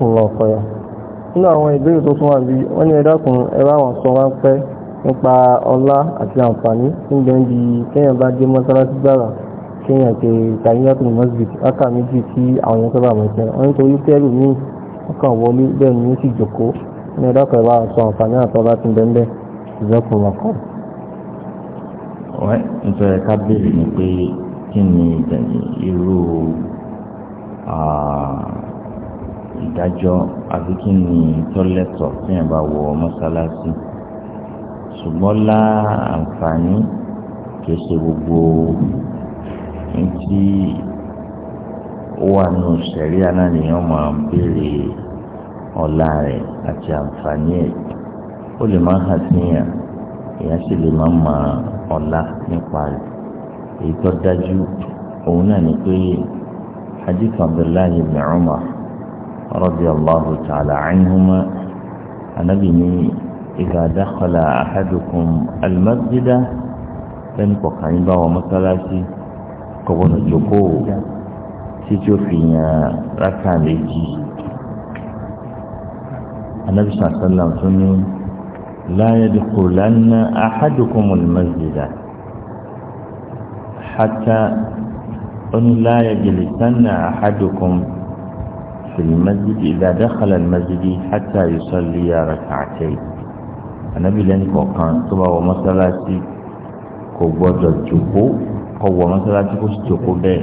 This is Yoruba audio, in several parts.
lọ fọyà nínú àwọn ìbéèrè tó tún wà bí wọ́n ní ẹ̀dákun ẹ̀rọ àwọn sọ wá ń pẹ́ nípa ọlá àti àǹfààní tó ń bẹ níbi kéèyàn bá dé mọ́sálásí gbàrà kéèyàn ké tàyíyàtò mọ́síbì láka méjì tí àwọn èèyàn sábà mọ̀ ìṣẹ́ wọn nítorí kẹ́rù ní ọkàn wọlé bẹ́ẹ̀ ni ó sì jòkó nínú ẹ̀dákun ẹ̀rọ àwọn sọ àǹfààní àtọ́lá ti bẹ́ẹ̀ bẹ́ẹ̀ ìzọ́kùn lọ́kọ̀. ọ̀rẹ́ nítorí ká béèrè ni pé kí ni irú ìdájọ́ àbí kí ni tọ́lẹ̀tọ̀ fún ẹ̀bá wọ mọ́sálásí ṣùgbọ́n lá àǹfààní kìí ṣe gbogbo ntí ó wà nù sẹ̀rí aláníyàn máa ń béèrè ọ̀la rẹ̀ àti àǹfààní ẹ̀ ó lè máa hàn síyàn èèyàn sì lè máa ma ọ̀la nípa rẹ̀ èyí tó dájú òun náà ni pé hadith Abdullahi ibn Umar. رضي الله تعالى عنهما النبي إذا دخل أحدكم المسجد لن قعين با ومسلاسي كون جوكو تيجو فينا ركعة ليجي النبي صلى الله عليه وسلم لا يدخلن أحدكم المسجد حتى أن لا يجلسن أحدكم في المسجد إذا دخل المسجد حتى يصلي ركعتين النبي لن كان تبا ومسلاتي kò gbọdọ̀ jòkó kò wọ mọ́sálásí kó sì jòkó bẹ́ẹ̀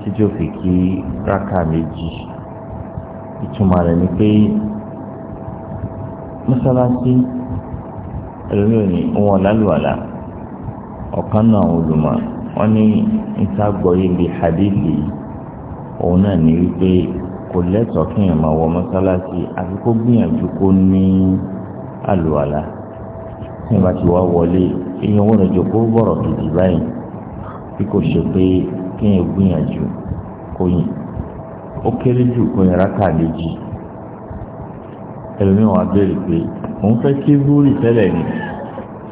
tí tí ó fi kí rákà méjì ìtumọ̀ rẹ̀ ni pé mọ́sálásí ẹlòmíì ò ní wọn lálùwàlà ọ̀kan náà àwọn olùmọ̀ wọn ní níta gbọ́ yé bi hadithi òun náà ní wípé kò lẹ́tọ̀ọ́ kí èèyàn máa wọ mọ́sálásí àfi kó gbìyànjú kó ní àlùwàlá tí wọ́n bá ti wá wọlé èèyàn wọ́n rẹ̀ jókòó bọ̀rọ̀ gidi báyìí bí kò ṣe pé kí èèyàn gbìyànjú kó yìn ó kéré jù kó yẹn rákà méjì ẹlòmíràn wá béèrè pé òun fẹ́ kí búrì tẹ́lẹ̀ ni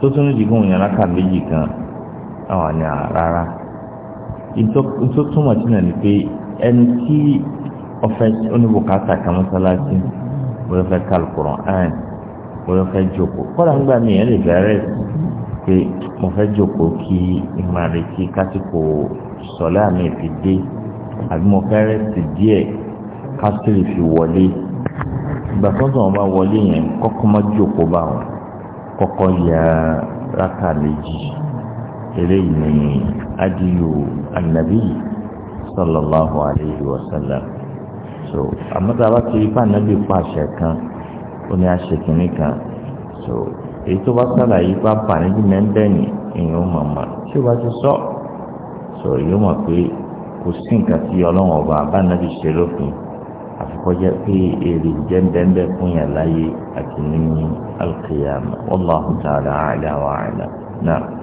tó tún ní ìdíkùn yẹn rákà méjì kan àwọn àní rárá ìtọ́túnmọ̀ tí náà ni pé ẹni tí ọfẹ oníbùkátà kan mọ́sálásí bóyá fẹ́ ka Al-Qur'an bóyá fẹ́ jókòó kọ́dà ńgbà mí ẹ̀ lè bẹ̀rẹ̀ pé mo fẹ́ jókòó kí ìmọ̀ rẹ̀ kí kásìkò sọ̀lá mi fi dé àbí mo fẹ́ rẹ̀ sí díẹ̀ kásìrì fi wọlé ìgbà tó ń sọ̀rọ̀ bá wọlé yẹn kọ́kọ́ má jókòó bá wọn kọ́kọ́ ya rákà méjì eléyìí ni adiyu anabi sallallahu alayhi wa sallam so àmọ́ tá a bá ti rí pa pa àṣẹ kan ó ní àṣẹ kìíní kan so èyí tó bá sàlàyé pa pàníjì mẹ́ńbẹ́ ni èèyàn ó mọ̀ mọ̀ tí ó bá ti sọ so èèyàn mọ̀ pé kò sí nǹkan tí ọlọ́run ọba àbánábì ṣe lófin àfikọ́ jẹ́ pé èrè jẹ́ bẹ́ẹ̀ fún yàn láyé àti ní alqiyama wallahu ta'ala a'la wa a'lam náà.